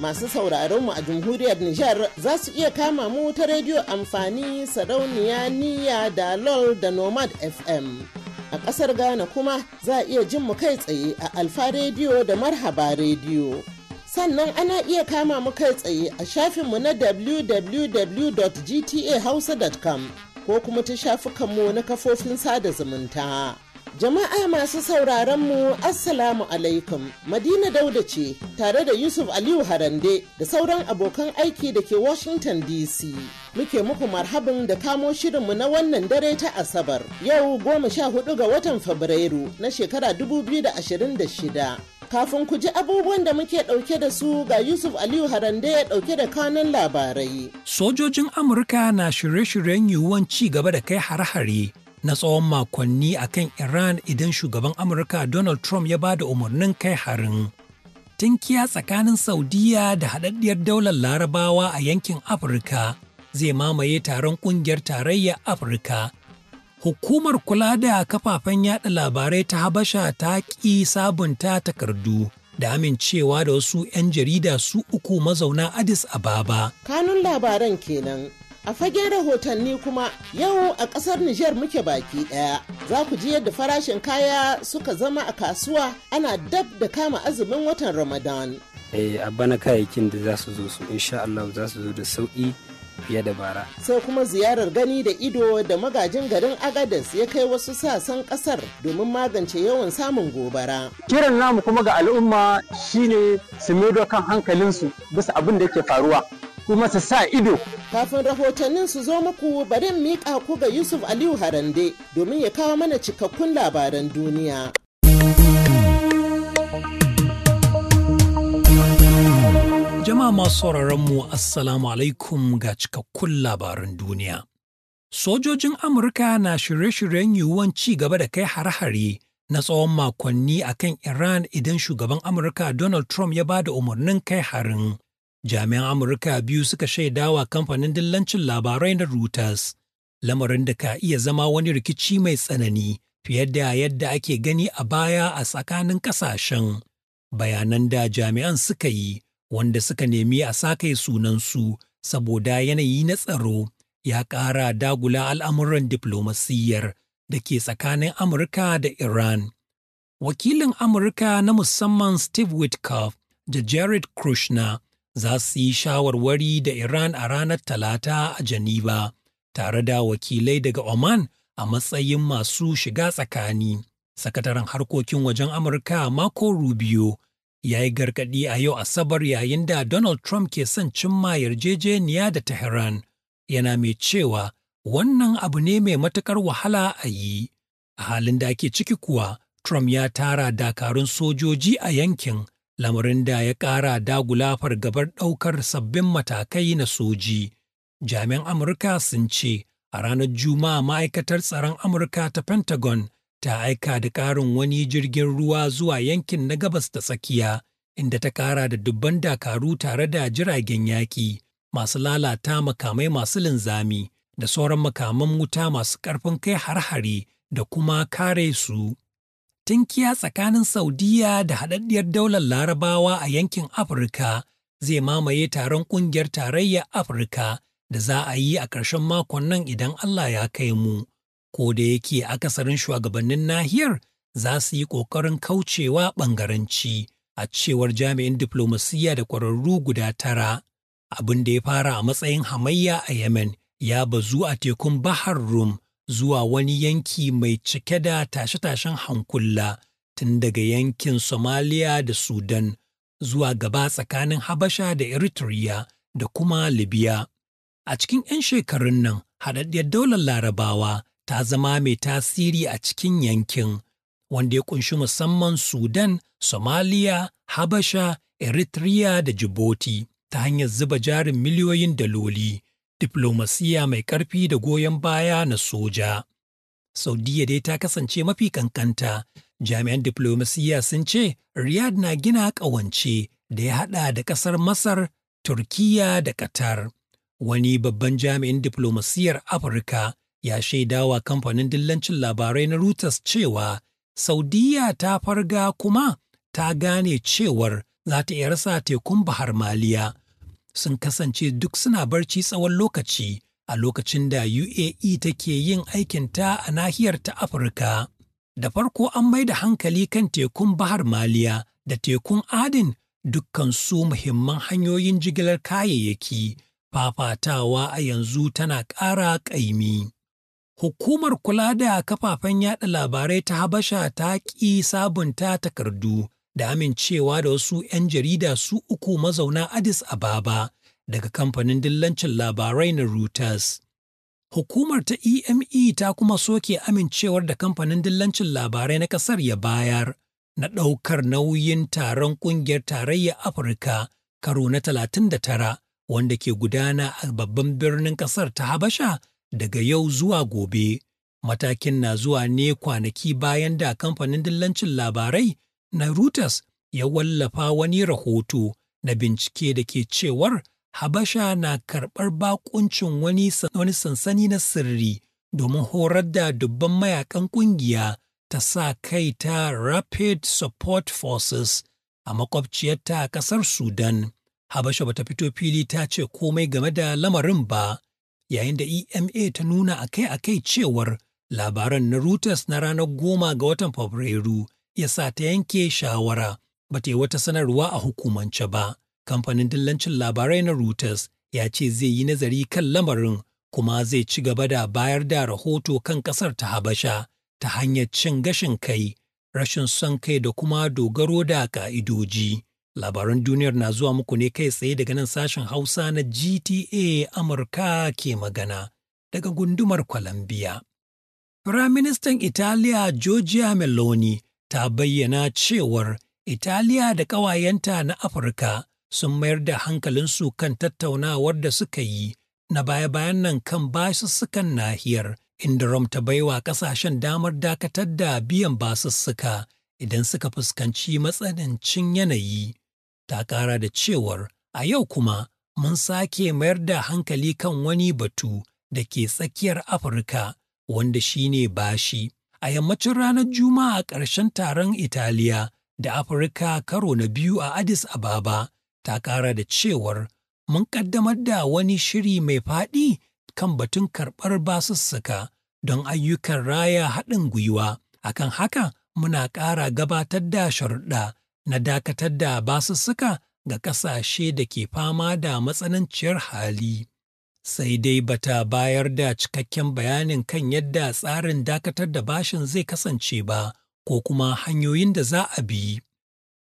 masu sauraron mu a jamhuriyar Nijar za su iya kama mu ta rediyo amfani sarauniya niya da lol da nomad fm a ƙasar ghana kuma za a iya jin mu kai tsaye a alfa rediyo da marhaba rediyo sannan ana iya kama mu kai tsaye a shafinmu na www.gtahausa.com ko kuma ta shafukanmu na kafofin sada zumunta. Jama'a masu sauraron mu Assalamu alaikum Madina Dauda ce tare da Yusuf Aliyu Harande da sauran abokan aiki da ke Washington DC. Muke muku marhabin da kamo shirinmu na wannan dare ta Asabar yau goma sha hudu ga watan Fabrairu na shekara 2026. Kafin ku ji abubuwan da muke ɗauke da su ga Yusuf Aliyu Harande ya ɗauke da kanan labarai. Sojojin Amurka na shirye-shiryen yiwuwan ci gaba da kai har-hare na tsawon makonni a kan Iran idan shugaban Amurka Donald Trump ya ba da umarnin kai harin. Tinkiya tsakanin Saudiya da haɗaɗɗiyar daular Larabawa a yankin Afirka zai mamaye taron ƙungiyar tarayyar Afirka. Hukumar kula da kafafen yada labarai ta Habasha ta ƙi sabunta takardu. da amincewa da wasu 'yan jarida su uku mazauna Addis Ababa. Kanun labaran kenan A fagen rahotanni kuma yau a ƙasar Nijar muke baki ɗaya. Za ku ji yadda farashin kaya suka zama a kasuwa ana dab da kama azumin watan Ramadan. Eh, a bana kayayyakin da za su zo su insha Allah za su zo da sauƙi fiye da bara. Sai kuma ziyarar gani da ido da magajin garin Agadez ya kai wasu sassan ƙasar domin magance yawan samun gobara. Kiran namu kuma ga al'umma shine su maido kan hankalinsu bisa abin da yake faruwa kuma su sa ido Kafin rahotannin su zo muku bari miƙa ku ga Yusuf Aliyu Harande domin ya kawo mana cikakkun labaran duniya. Jama'a masu sauraron mu Assalamu alaikum ga cikakkun labaran duniya. Sojojin Amurka na shirye-shiryen yiwuwan ci gaba da kai har hari na tsawon makonni akan Iran idan shugaban Amurka Donald Trump ya ba da umarnin kai harin. Jami'an Amurka biyu suka shaida wa kamfanin dillancin labarai na Reuters, lamarin da ka iya zama wani rikici mai tsanani fiye da yadda ake gani a baya a tsakanin kasashen. Bayanan da jami'an suka yi, wanda suka nemi a sakai sunansu saboda yanayi na tsaro, ya ƙara dagula al'amuran diplomasiyyar da ke tsakanin Amurka da Iran. Wakilin Amurka na musamman Steve Witkoff da Jared Kushner za su yi shawarwari da Iran a ranar Talata a Janiba, tare da wakilai daga Oman a matsayin masu shiga tsakani. Sakataren harkokin wajen Amurka Marco Rubio ya yi gargaɗi a yau Asabar yayin da Donald Trump ke son cimma yarjejeniya da Tehran, yana mai cewa wannan abu ne mai matuƙar wahala a yi. A halin da ake ciki kuwa, Trump ya tara dakarun sojoji a yankin lamarin da ya ƙara dagula fargabar ɗaukar sabbin matakai na soji. Jami'an Amurka sun ce a ranar Juma'a ma'aikatar tsaron Amurka ta Pentagon ta aika da ƙarin wani jirgin ruwa zuwa yankin na gabas da tsakiya, inda ta ƙara da dubban dakaru tare da jiragen yaƙi, masu lalata makamai masu linzami, da sauran makaman wuta masu ƙarfin kai har-hari da kuma kare su. tinkiya tsakanin Saudiya da haɗaɗɗiyar daular Larabawa a yankin Afirka zai mamaye taron ƙungiyar tarayyar Afirka da za a yi a ƙarshen makon nan idan Allah ya kai mu. Ko da yake akasarin shugabannin nahiyar za su yi ƙoƙarin kaucewa ɓangaranci a cewar jami'in diflomasiyya da ƙwararru guda tara. Abin da ya fara a matsayin hamayya a Yemen ya bazu a tekun Bahar Rum zuwa wani yanki mai cike da tashe-tashen hankula tun daga yankin Somalia da Sudan zuwa gaba tsakanin Habasha da Eritrea da kuma Libya. A cikin 'yan shekarun nan, haɗaɗɗiyar daular Larabawa ta zama mai tasiri a cikin yankin, wanda ya ƙunshi musamman Sudan, Somalia, Habasha, Eritrea da Djibouti ta hanyar zuba jarin miliyoyin daloli diplomasiya mai ƙarfi da goyon baya na soja. Saudiya dai ta kasance mafi kankanta. Jami'an diplomasiya sun ce Riyadh na gina ƙawance da ya haɗa da ƙasar Masar, Turkiyya da Qatar. Wani babban jami'in diplomasiyar Afirka ya shaidawa kamfanin dillancin labarai na Reuters cewa Saudiya ta farga kuma ta gane cewar za ta iya rasa tekun Bahar Maliya sun kasance duk suna barci tsawon lokaci a lokacin da UAE take yin aikinta a nahiyar ta Afirka. Da farko an mai da hankali kan tekun Bahar Maliya da tekun Adin dukkan muhimman hanyoyin jigilar kayayyaki, fafatawa a yanzu tana ƙara ƙaimi. Hukumar kula da kafafen yada labarai ta Habasha ta ƙi sabunta takardu da amincewa da wasu 'yan jarida su uku mazauna Addis Ababa daga kamfanin dillancin labarai na Reuters. Hukumar ta EME e ta kuma soke amincewar da kamfanin dillancin labarai na kasar ya bayar na ɗaukar nauyin taron ƙungiyar tarayyar Afirka karo na 39 wanda ke gudana a babban birnin kasar ta Habasha daga yau zuwa gobe. Matakin na zuwa ne kwanaki bayan da kamfanin dillancin labarai na Reuters ya wallafa wani rahoto na bincike da ke cewar Habasha na karɓar bakuncin wani, sansani na sirri domin horar da dubban mayakan ƙungiya ta sa kai ta Rapid Support Forces a makwabciyarta a ƙasar Sudan. Habasha bata fito fili ta ce komai game da lamarin ba, yayin da EMA ta nuna akai-akai cewar labaran na Reuters na ranar goma ga watan Fabrairu ya sa ta yanke shawara ba ta yi wata sanarwa a hukumance ba. Kamfanin dillancin labarai na Reuters ya ce zai yi nazari kan lamarin kuma zai ci gaba da bayar da rahoto kan ƙasar ta Habasha ta hanyar cin gashin kai, rashin son kai da kuma dogaro da ƙa'idoji. Labaran duniyar na zuwa muku ne kai tsaye daga nan sashen Hausa na GTA Amurka ke magana daga gundumar Columbia. Firaministan Italiya Giorgia Meloni ta bayyana cewar Italiya da ƙawayenta na Afirka sun mayar da hankalinsu kan tattaunawar da suka yi na baya-bayan nan kan basussukan nahiyar, inda Rom ta baiwa ƙasashen damar dakatar da biyan basussuka idan suka fuskanci matsanancin yanayi. Ta ƙara da cewar, a yau kuma mun sake mayar da hankali kan wani batu da ke tsakiyar Afirka, wanda shine bashi. a yammacin ranar Juma'a ƙarshen taron Italiya da Afirka karo na biyu a Addis Ababa ta ƙara da cewar mun ƙaddamar da wani shiri mai faɗi kan batun karɓar basussuka don ayyukan raya haɗin gwiwa. Akan haka muna ƙara gabatar da sharuɗa na dakatar da basussuka ga ƙasashe da ke fama da matsananciyar hali. sai dai bata bayar da cikakken bayanin kan yadda tsarin dakatar da bashin zai kasance ba ko kuma hanyoyin da za a bi.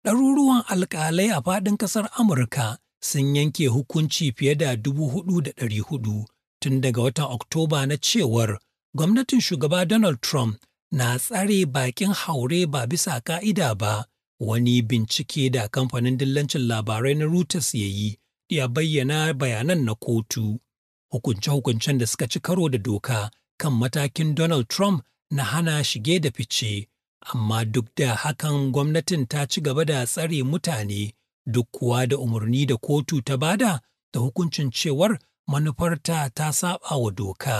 Ɗaruruwan alƙalai a faɗin ƙasar Amurka sun yanke hukunci fiye da dubu hudu da ɗari hudu tun daga watan Oktoba na cewar gwamnatin shugaba Donald Trump na tsare bakin haure ba bisa ka'ida ba wani bincike da kamfanin dillancin labarai na Reuters ya yi ya bayyana bayanan na kotu. hukunce-hukuncen da suka ci karo da doka kan matakin Donald Trump na hana shige da fice, amma duk da hakan gwamnatin ta ci gaba da tsare mutane duk kuwa da umarni da kotu ta bada da hukuncin cewar manufarta ta saba wa doka.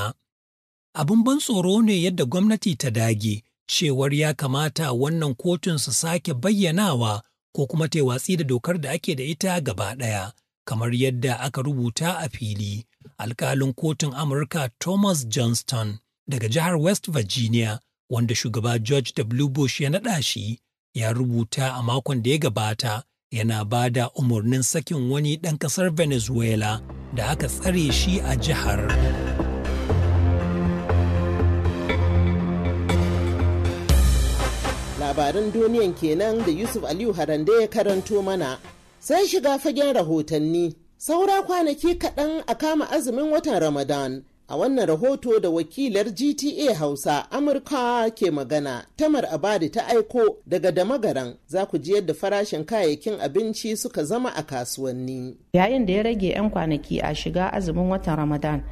Abin ban tsoro ne yadda gwamnati ta dage cewar ya kamata wannan kotun su sake bayyanawa ko kuma ta watsi da dokar da ake da ita gaba ɗaya, kamar yadda aka rubuta a fili. alkalin kotun Amurka Thomas Johnston daga jihar West Virginia wanda shugaba George W. Bush ya naɗa shi ya rubuta a makon da ya gabata yana ba da umarnin sakin wani ɗan ƙasar Venezuela da aka tsare shi a jihar. Labarin duniyan kenan da Yusuf Aliyu Harande ya karanto mana sai shiga fagen rahotanni. saura kwanaki kaɗan a kama azumin watan ramadan a wannan rahoto da wakilar gta hausa amurka ke magana tamar abadi ta aiko daga damagaran za ku ji yadda farashin kayayyakin abinci suka zama a kasuwanni yayin da ya rage 'yan kwanaki a shiga azumin watan ramadan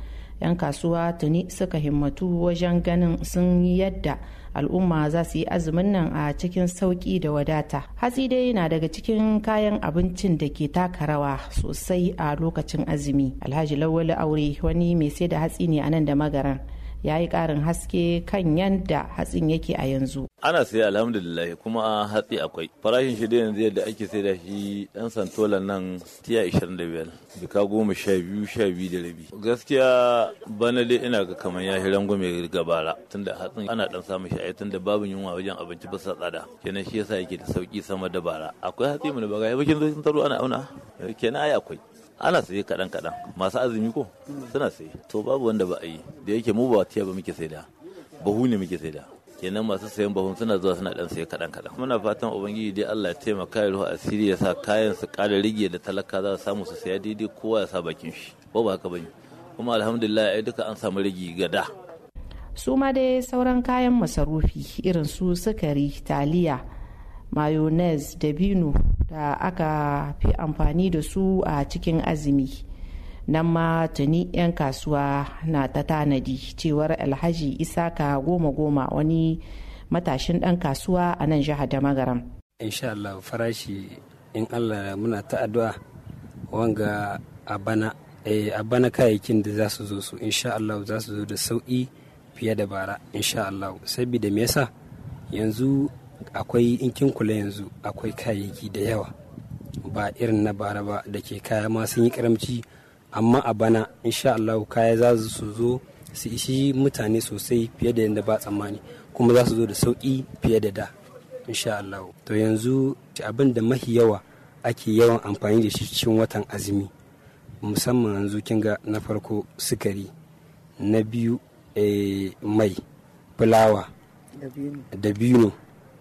'yan kasuwa tuni suka himmatu wajen ganin sun yi yadda al'umma za su yi azumin nan a cikin sauki da wadata hatsi dai na daga cikin kayan abincin da ke taka rawa sosai a lokacin azumi alhaji lawal aure wani mai sai da hatsi ne a nan da magaran ya yi ƙarin haske kan yadda hatsin yake a yanzu. Ana sai alhamdulillah kuma hatsi akwai. Farashin shi yanzu yadda ake sai da shi ɗan santola nan tiya 25 bika goma sha biyu sha biyu da rabi. Gaskiya bana dai ina ga kamar ya hiran gome gabara tunda hatsin ana ɗan samun shi tunda babu yunwa wajen abinci ba sa tsada. Kenan shi yasa yake da sauki sama da bara. Akwai hatsi mu da ba ga yabakin zai sun taro ana auna. Kenan ai akwai. ana saye kaɗan kaɗan masu azumi ko suna saye to babu wanda ba a yi da yake mu ba tiya ba muke saida bahu ne muke saida kenan masu sayan bahun suna zuwa suna dan saye kaɗan kaɗan muna fatan ubangiji dai Allah ya taimaka ya ruwa asiri ya sa kayan su ƙara rige da talaka za su samu su saya daidai kowa ya sa bakin shi ba ba haka bane kuma alhamdulillah ai duka an samu rigi ga da su dai sauran kayan masarufi irin su sukari taliya mayonnaise dabino da aka fi amfani da su a cikin azumi nan ma tuni 'yan kasuwa na ta tanadi cewar alhaji isaka goma goma wani matashin dan kasuwa a nan jihar da magaram Allah farashi in Allah muna ta addu'a wanga eh, a bana kayayyakin da za su zo su insha Allah za su zo da sauƙi fiye da bara insha Allah saboda me yasa yanzu akwai in kin kula yanzu akwai kayayyaki da yawa ba irin na bara ba da ke kaya ma sun yi karamci amma a bana insha Allah kaya za su zo su ishi mutane sosai fiye da yadda ba tsammani kuma za su zo da sauki fiye da da insha Allah to yanzu abin da mahi yawa ake yawan amfani da shi cikin watan azumi musamman yanzu kin ga na farko sukari na biyu eh, mai fulawa da biyu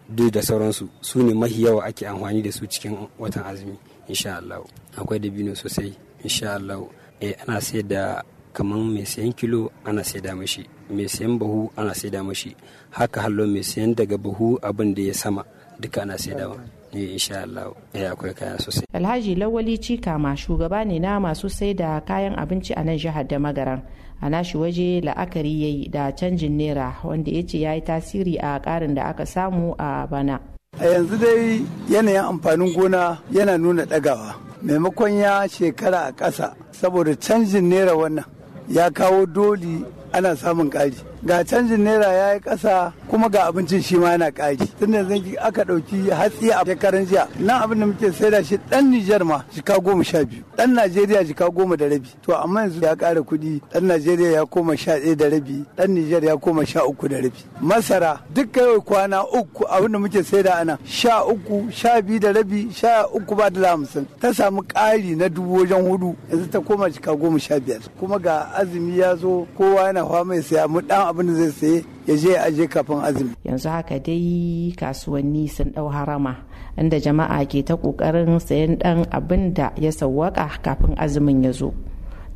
duk da sauransu su ne mahi yawa ake amfani da su cikin watan azumi insha Allah akwai dabino sosai insha Allah eh ana sai da kaman mai sayan kilo ana saida mashi mai sayan bahu ana saida mashi haka hallo mai sayan daga bahu abin da ya sama duka ana saidawa Eh, insha Allah eh, akwai kaya sosai Alhaji Lawali Cikama shugaba ne na masu sai da kayan abinci a nan jihar da magaran a nashi waje la'akari ya yi da canjin naira wanda ya ce ya yi tasiri a karin da aka samu a bana a yanzu dai yanayin amfanin gona yana nuna ɗagawa maimakon ya shekara a ƙasa saboda canjin naira wannan ya kawo doli ana samun ƙari ga canjin naira ya yi ƙasa kuma ga abincin shi ma yana ƙari tun da zan aka ɗauki hatsi a shekaran jiya nan abin da muke saida shi ɗan Nijar ma jika goma sha biyu ɗan Najeriya jika goma da rabi to amma yanzu ya ƙara kuɗi ɗan Najeriya ya koma sha ɗaya da rabi ɗan Nijar ya koma sha uku da rabi masara duk yau kwana uku abin da muke saida ana sha uku sha biyu da rabi sha uku ba da hamsin ta samu ƙari na dubu wajen hudu yanzu ta koma jika goma sha biyar kuma ga azumi ya zo kowa yana fama ya saya mu ɗan abin da zai saye ya je a aje kafin azumi yanzu haka dai kasuwanni sun dau harama inda jama'a ke ta kokarin sayan dan abin da ya sawwaka kafin azumin ya zo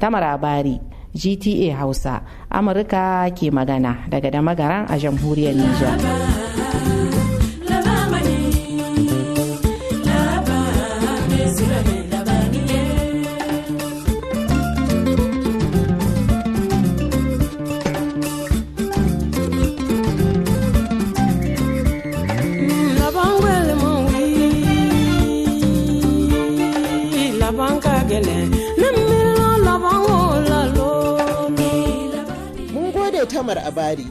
tamara bari gta hausa amurka ke magana daga da magaran a jamhuriyar nijar labari.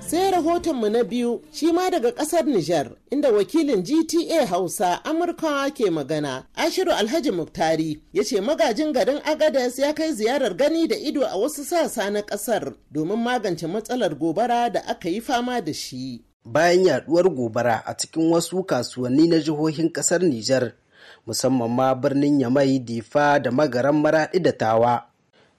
Sai rahotonmu na biyu shi ma daga kasar Nijar inda wakilin GTA Hausa amurka ke magana Ashiru Alhaji Muktari ya ce magajin garin Agadez ya kai ziyarar gani da ido a wasu sasa na kasar domin magance matsalar gobara da aka yi fama da shi. Bayan yaduwar gobara a cikin wasu kasuwanni na jihohin kasar Nijar musamman ma birnin Yamai, Difa da magaran Maraɗi da Tawa.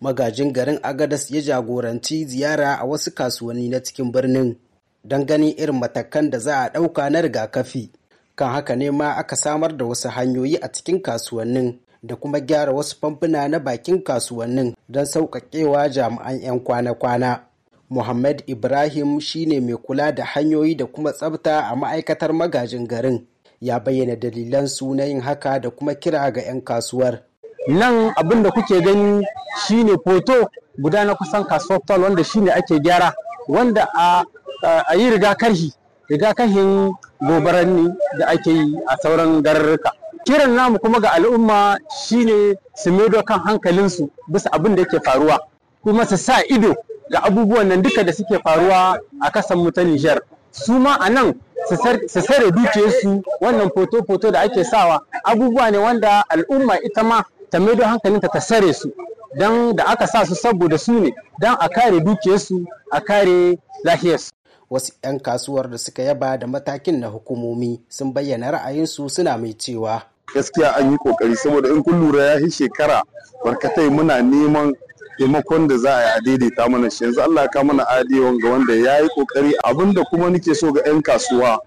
magajin garin agadas ya jagoranci ziyara a wasu kasuwanni na cikin birnin don gani irin matakan da za a ɗauka na rigakafi kan haka ne ma aka samar da wasu hanyoyi a cikin kasuwannin da kuma gyara wasu famfuna na bakin kasuwannin don sauƙaƙewa jami'an 'yan kwana-kwana muhammad ibrahim shine mai kula da hanyoyi da kuma tsabta a ma'aikatar magajin garin ya bayyana dalilan su yin haka da kuma kira ga 'yan kasuwar nan abin da kuke gani shine foto guda na kusan kasuwar tol wanda shine ake gyara wanda a a yi rigakafi rigakafin gobaranni da ake yi a sauran garurruka kiran namu kuma ga al'umma shine su maido kan su bisa abin da yake faruwa kuma su sa ido ga abubuwan nan duka da suke faruwa a kasan mu ta Nijar su ma a nan su sare dukiyarsu wannan foto-foto da ake sawa abubuwa ne wanda al'umma ita ma ta maido hankalinta ta sare su don da aka sa su saboda su ne don a kare dukiyarsu a kare lafiyarsu. Wasu 'yan kasuwar da suka yaba da matakin na hukumomi sun bayyana ra'ayinsu suna mai cewa. Gaskiya an yi kokari saboda in kun lura ya yi shekara barkatai muna neman taimakon da za a yi a daidaita mana shi yanzu Allah ka mana adewan ga wanda ya yi kokari abinda kuma nake so ga 'yan kasuwa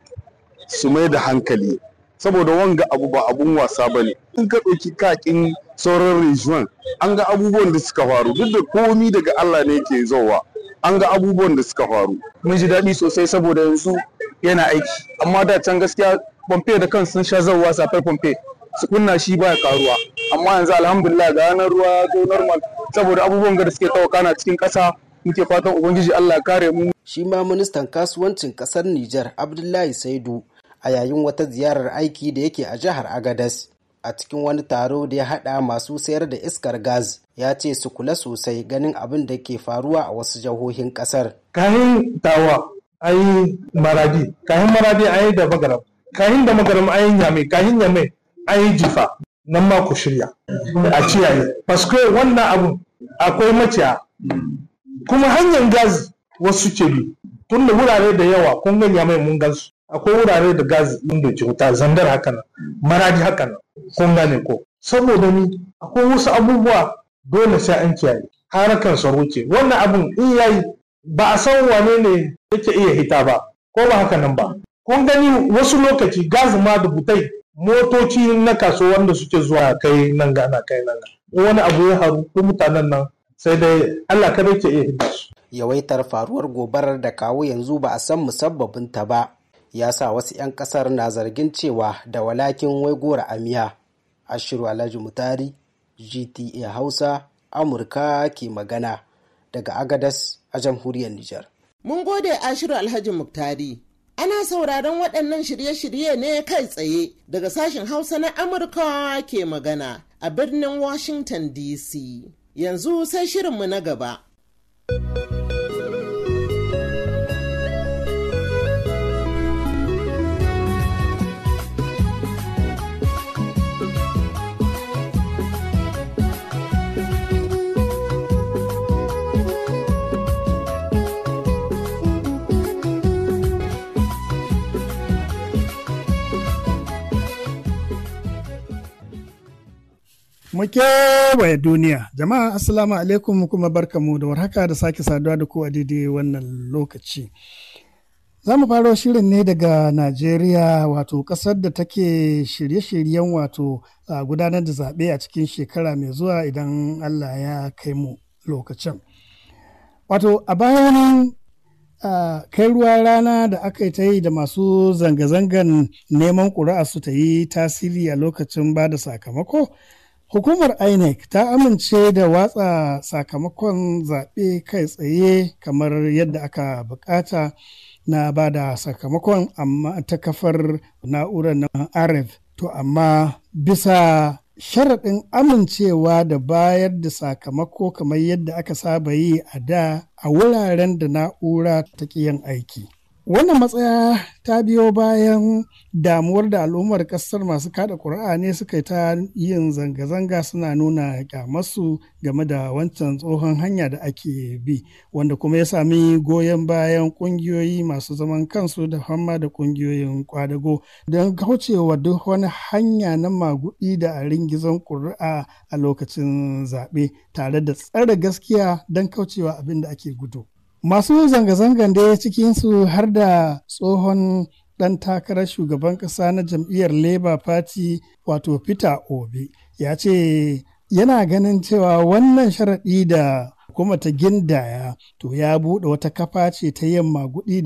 su mai da hankali saboda wanga abu ba abun wasa ba ne in ka ɗauki kakin sauran rijiyar an ga abubuwan da suka faru duk da komi daga Allah ne ke zowa an ga abubuwan da suka faru mun ji daɗi sosai saboda yanzu yana aiki amma da can gaskiya pompe da kan sun sha zauwa safar pompe su kunna shi ba karuwa amma yanzu alhamdulillah ga ranar ruwa ya zo normal saboda abubuwan da suke tawaka na cikin ƙasa muke fatan ubangiji Allah kare mu shi ma ministan kasuwancin ƙasar Nijar Abdullahi Saidu a yayin wata ziyarar aiki da yake a jihar Agadas a cikin wani taro da ya haɗa masu sayar da iskar gas ya ce su kula sosai ganin abin da ke faruwa a wasu jihohin ƙasar. Kahin tawa yi maradi, kahin maradi yi da magaram, kahin da magaram a yi nyame, kahin nyame yi jifa. Nan ma ku shirya a ciyaye. Paske wannan abu akwai maciya. Kuma hanyar gas wasu ke bi. Tun da wurare da yawa kun ganya mai mun gansu. akwai wurare da gas ɗin da ke wuta zandar haka nan maradi haka nan kun gane ko saboda ni akwai wasu abubuwa dole sai an kiyaye harakan tsaro ce wannan abun in yayi ba a san wane ne yake iya hita ba ko ba haka nan ba kun gani wasu lokaci gas ma da butai motoci na kaso wanda suke zuwa kai nan gana kai nan wani abu ya haru ko mutanen nan sai dai Allah kada yake iya hita yawaitar faruwar gobarar da kawo yanzu ba a san musabbabin ta ba ya sa wasu 'yan kasar na zargin cewa da walakin wai gora amiya ashiru alhaji mutari gta hausa amurka ke magana daga agadas a jamhuriyar nijar mun gode ashiru alhaji muktari ana sauraron waɗannan shirye-shirye ne kai tsaye daga sashen hausa na amurka ke magana a birnin washington dc yanzu sai shirinmu na gaba. thank you mu kewaye duniya jama'a assalamu alaikum kuma mu da warhaka da sake saduwa da ku a daidai wannan lokaci za mu faro shirin ne daga najeriya wato kasar da take shirye-shiryen wato gudanar da zaɓe a cikin shekara mai zuwa idan allah ya kai mu lokacin wato a bayan kai ruwa rana da aka yi ta yi da masu zanga-zangan neman ƙuri'a su ta yi tasiri a lokacin ba da sakamako Hukumar INEC ta amince da watsa sakamakon zaɓe kai tsaye kamar yadda aka bukata na ba da sakamakon amma ta kafar na'urar na To amma bisa sharaɗin amincewa da bayar da sakamako kamar yadda aka saba yi a da a wuraren da na'ura ta yin aiki. wannan matsaya ta biyo bayan damuwar da al'ummar kasar masu kada ƙuri'a ne suka yi ta yin zanga-zanga suna nuna kyamarsu game da wancan tsohon hanya da ake bi wanda kuma ya sami goyon bayan ƙungiyoyi masu zaman kansu da hamma da ƙungiyoyin kwadago don kaucewa duk wani hanya na magudi da a ringizon ƙuri'a a lokacin zaɓe tare da tsare gaskiya don kaucewa abin da ake gudu. masu zanga-zangan da cikinsu har da tsohon ɗan takarar shugaban ƙasa na jam'iyyar labour party wato peter obi ya ce yana ganin cewa wannan sharaɗi da kuma ta gindaya to ya buɗe wata kafa ce ta yamma guɗi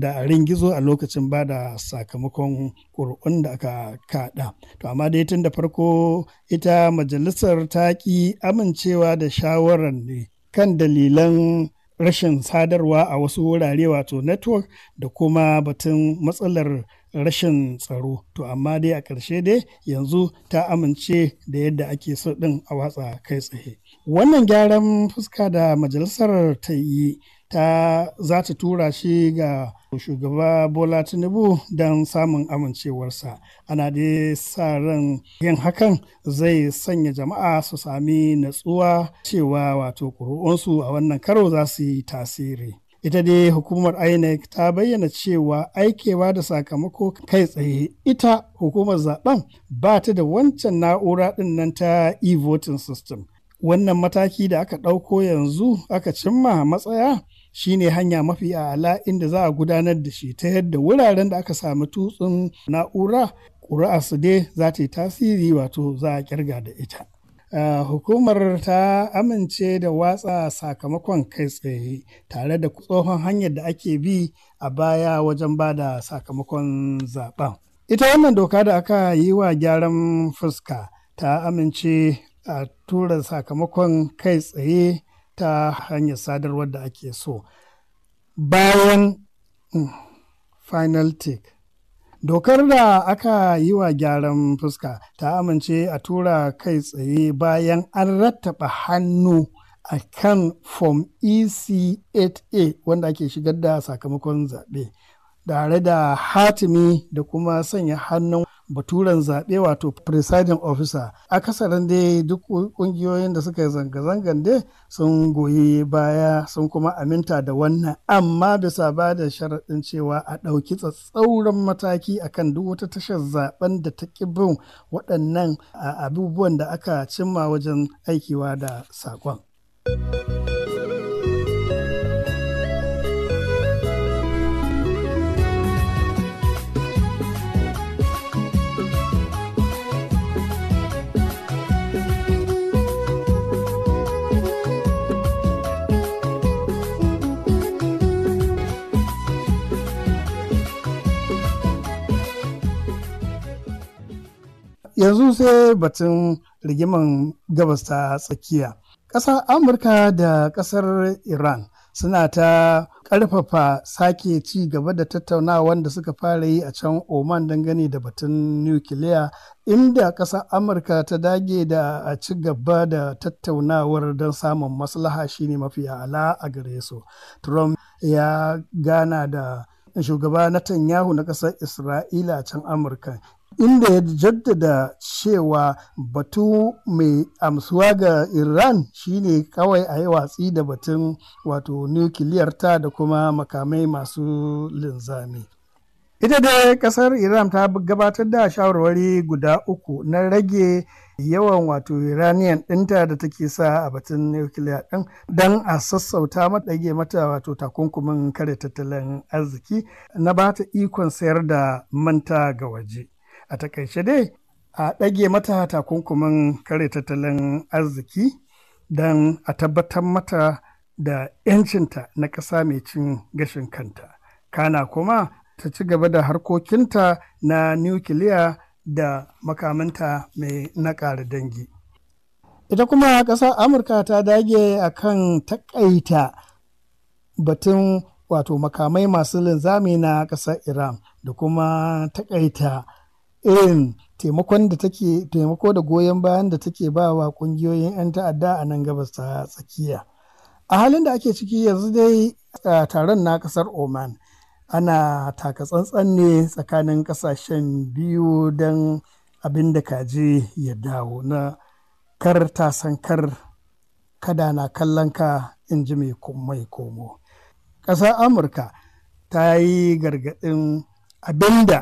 da a ringizo a lokacin ba da sakamakon ƙuri'un da aka kaɗa. To amma dai tun da farko ita majalisar ta ƙi amincewa da shawarar ne kan dalilan rashin sadarwa a wasu wurare wato network da kuma batun matsalar rashin tsaro to amma dai a ƙarshe dai yanzu ta amince da yadda ake so ɗin a watsa kai tsaye wannan gyaran fuska da majalisar ta yi ta za ta tura shi ga shugaba bola tinubu don samun amincewarsa ana dai sa ran yin hakan zai sanya jama'a su sami natsuwa cewa wato ƙuri'unsu a wannan karo za su yi tasiri ita dai hukumar inec ta bayyana cewa aikewa da sakamako kai tsaye ita hukumar zaben ba ta da wancan na'ura ɗin nan ta e-voting system wannan mataki da aka ɗauko yanzu aka cimma matsaya shi ne hanya mafi ala inda za a gudanar da shi ta yadda wuraren da aka sami tutsun na'ura ƙuri'a su dai za ta yi tasiri wato za a kirga da ita. hukumar ta amince da watsa sakamakon kai tsaye tare da tsohon hanyar da ake bi a baya wajen ba da sakamakon zaɓen Ita wannan doka da aka yi wa gyaran fuska ta amince a tura sakamakon kai tsaye ta hanyar sadarwar da ake so bayan hmm, final take dokar da aka yi wa gyaran fuska ta amince a tura kai tsaye bayan an rattaba hannu a kan form ec8a wanda ake shigar da sakamakon zaɓe tare da hatimi da kuma sanya hannun baturen zaɓe wato presiding officer akasarin dai duk ƙungiyoyin da suka yi zanga-zangan dai sun goyi baya sun kuma aminta da wannan amma bisa ba da sharaɗin cewa a ɗauki tsatsauran mataki akan duk wata tashar zaɓen da ta ƙi bin waɗannan abubuwan da aka cimma wajen aikiwa da saƙon. yanzu sai batun rigiman gabas ta tsakiya ƙasar amurka da ƙasar iran suna ta ƙarfafa sake ci gaba da tattaunawa wanda suka fara yi a can oman dangane da batun nukiliya inda ƙasar amurka ta dage da a ci gaba da tattaunawar don samun maslaha shine mafi ala a gare su trump ya gana da shugaba na tanyahu na ƙasar Isra'ila a can Amurka inda ya jaddada cewa batu mai amsuwa ga Iran shine kawai a yi watsi da batun wato nukiliyar ta da kuma makamai masu linzami. Ita dai kasar Iran ta gabatar da shawarwari guda uku na rage yawan wato iranian ɗinta da take sa a batun nukiliya ɗin don a sassauta matsage mata wato takunkumin kare tattalin arziki na ba ta ikon sayar da manta ga waje. a takaice dai a ɗage mata takunkumin kare tattalin arziki don a tabbatar mata da 'yancinta na ƙasa mai cin gashin kanta kana kuma ta ci gaba da harkokinta na nukiliya da makamanta mai na dangi ita kuma ƙasar amurka ta dage a kan taƙaita batun wato makamai masu linzami na ƙasar iran da kuma taƙaita. irin taimakon da take taimako da goyon bayan da take ba wa kungiyoyin 'yan ta'adda a nan gabas ta tsakiya a halin da ake ciki yanzu dai taron na kasar oman ana taka tsantsan ne tsakanin kasashen biyu don abin da kaji ya dawo na kar ta san kar kada na kallon ka in ji mai komo ƙasar amurka ta yi gargaɗin da.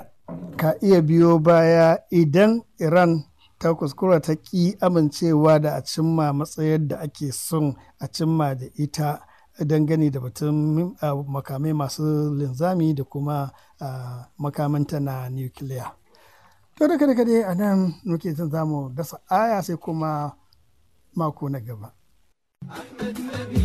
ka iya biyo baya idan Iran ta kuskura ta ƙi amincewa da a cimma matsayar da ake son a cimma da ita dangane da batun makamai masu linzami da kuma makamanta na nukiliya. To da kada kada a nan muke zan zamu dasa aya sai kuma mako na gaba. Nabi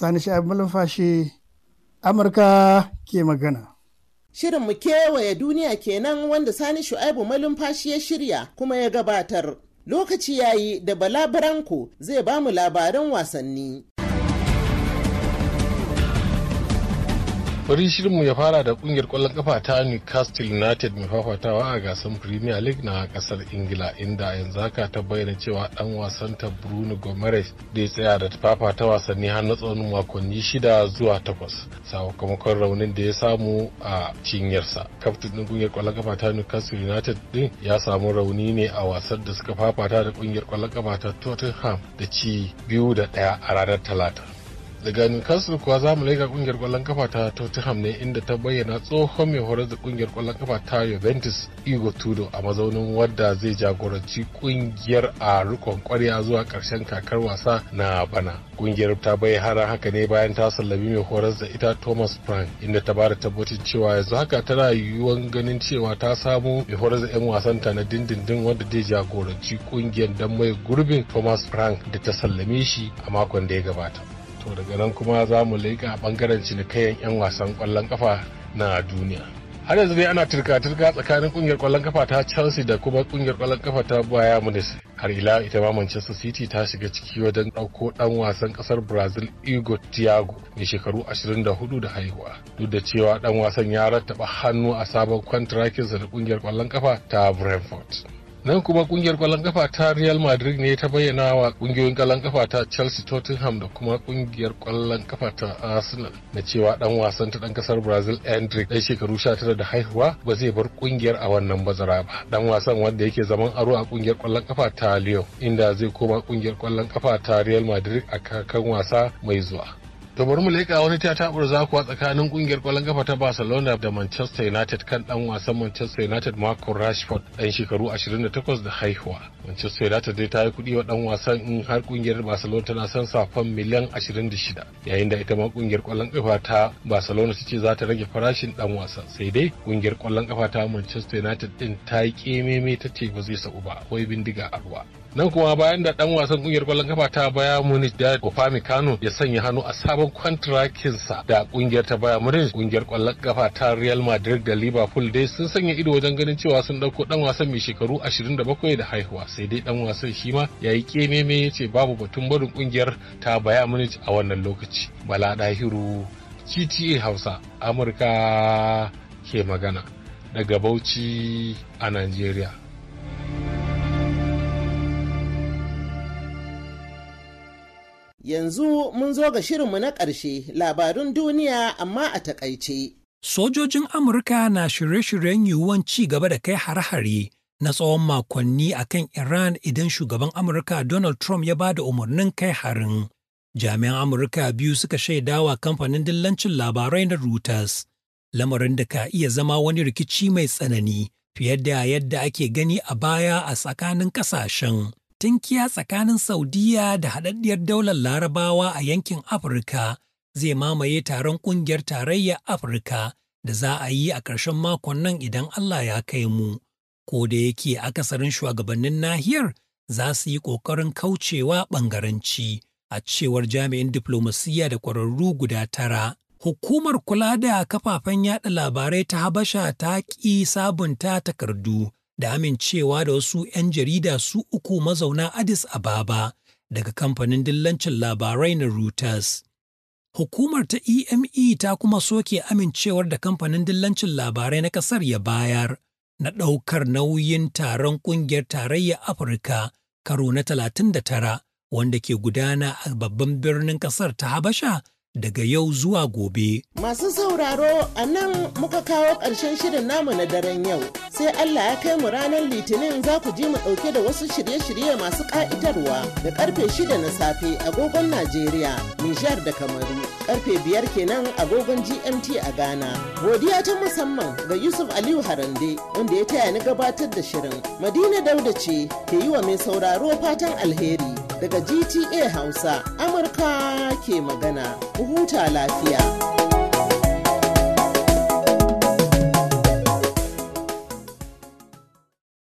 Sani abin fashi Amurka ke magana. Shirin mu kewaye duniya kenan wanda Sani Shu'aibu Malumfashi ya shirya kuma ya gabatar. Lokaci yayi da Bala Branko zai bamu labaran wasanni. shirin mu ya fara da kungiyar kwallon kafa ta Newcastle United mai fafatawa a gasar Premier League na kasar Ingila inda yanzu aka ta bayyana cewa dan wasan ta Bruno Gomes da tsaya da fafata wasanni har na tsawon makonni shida zuwa takwas sakamakon raunin da ya samu a cinyarsa. Kaftin din kungiyar kwallon kafa ta Newcastle United din ya samu rauni ne a wasan da suka fafata da kungiyar kwallon kafa ta Tottenham da ci biyu da ɗaya a ranar Talata. da gani kansu kuwa za mu laika kungiyar kwallon kafa ta tottenham ne inda ta bayyana tsohon mai horar da kungiyar kwallon kafa ta juventus igo tudo a mazaunin wadda zai jagoranci kungiyar a rikon kwarya zuwa karshen kakar wasa na bana kungiyar ta bayyana haka ne bayan ta sallami mai horar da ita thomas frank inda ta bada tabbacin cewa yanzu haka tana yiwuwan ganin cewa ta samu mai horar da 'yan wasan ta na dindindin wanda zai jagoranci kungiyar dan mai gurbin thomas frank da ta sallame shi a makon da ya gabata to daga nan kuma za mu a bangaren cinikayen 'yan wasan kwallon kafa na duniya har yanzu dai ana turka-turka tsakanin kungiyar ƙwallon kafa ta chelsea da kuma kungiyar ƙwallon kafa ta baya munis har ila ita ma manchester city ta shiga ciki wajen ɗauko ɗan wasan ƙasar brazil igor thiago mai shekaru 24 da haihuwa duk da cewa ɗan wasan ya rattaba hannu a sabon kwantarakinsa da kungiyar ƙwallon kafa ta brentford nan kuma kungiyar kwallon kafa ta real madrid ne ta bayyana wa kungiyoyin kwallon kafa ta chelsea tottenham da kuma kungiyar kwallon kafa ta arsenal na cewa dan wasan ta dan kasar brazil endrick dan shekaru 19 da haihuwa ba zai bar kungiyar a wannan bazara ba dan wasan wanda yake zaman aro a kungiyar kwallon kafa ta lyon inda zai koma kungiyar kwallon kafa ta real madrid a kakan wasa mai zuwa To bari mu leƙa wani tatabar zakuwa tsakanin kungiyar kwallon kafa ta Barcelona da Manchester United kan dan wasan Manchester United Marco Rashford dan shekaru 28 da haihuwa. Manchester United dai ta yi kudi wa dan wasan in har kungiyar Barcelona tana son safon miliyan 26 yayin da ita ma kungiyar kwallon kafa ta Barcelona ta ce za ta rage farashin dan wasan. Sai dai kungiyar kwallon kafa ta Manchester United ɗin ta yi ƙememe ta ce ba zai sa'u ba wai bindiga a ruwa. nan kuma bayan da dan wasan kungiyar kwallon kafa ta baya munich da kofami kano ya sanya hannu a sabon kwantirakinsa da kungiyar ta baya munich kungiyar kwallon kafa ta real madrid da liverpool dai sun sanya ido wajen ganin cewa sun dauko dan wasan mai shekaru 27 da haihuwa sai dai dan wasan shi ma ya yi kememe ya ce babu batun barin kungiyar ta baya munich a wannan lokaci bala dahiru gta hausa amurka ke magana daga bauchi a nigeria Yanzu mun zo ga shirinmu na ƙarshe labarun duniya amma a takaice. Sojojin Amurka na shirye-shiryen yiwuwan ci gaba da kai har-hare na tsawon makonni a kan Iran idan shugaban Amurka Donald Trump ya ba da umarnin kai harin. Jami'an Amurka biyu suka shaidawa kamfanin dillancin labarai na Reuters, lamarin da ka iya zama wani rikici mai tsanani fiye da yadda ake gani a baya a tsakanin ƙasashen. tinkiya tsakanin Saudiya da haɗaɗɗiyar daular larabawa a yankin Afirka zai mamaye taron ƙungiyar tarayyar Afirka da za a yi a ƙarshen makon nan idan Allah ya kai mu. Ko da yake akasarin shugabannin nahiyar za su yi ƙoƙarin kaucewa ɓangaranci a cewar jami'in diflomasiyya da ƙwararru guda tara. Hukumar kula da kafafen yada labarai ta Habasha ta ƙi sabunta takardu da amincewa da wasu 'yan jarida su uku mazauna Addis Ababa daga kamfanin dillancin labarai na Reuters. Hukumar ta EME e ta kuma soke amincewar da kamfanin dillancin labarai na kasar ya bayar na ɗaukar nauyin taron ƙungiyar tarayyar Afirka karo na 39 wanda ke gudana a babban birnin kasar ta Habasha daga yau zuwa gobe. Masu sauraro a nan muka kawo ƙarshen shirin namu na daren yau. Sai Allah ya kai mu ranar Litinin za ku ji mu ɗauke da wasu shirye-shirye masu ƙa'idarwa. da ƙarfe shida na safe agogon Najeriya, Nijar da Kamaru. Ƙarfe biyar kenan agogon GMT a Ghana. Godiya ta musamman ga Yusuf Aliyu Harande wanda ya taya ni gabatar da shirin. Madina Dauda ce ke yi wa mai sauraro fatan alheri. daga GTA Hausa, Amurka ke magana, ku huta lafiya.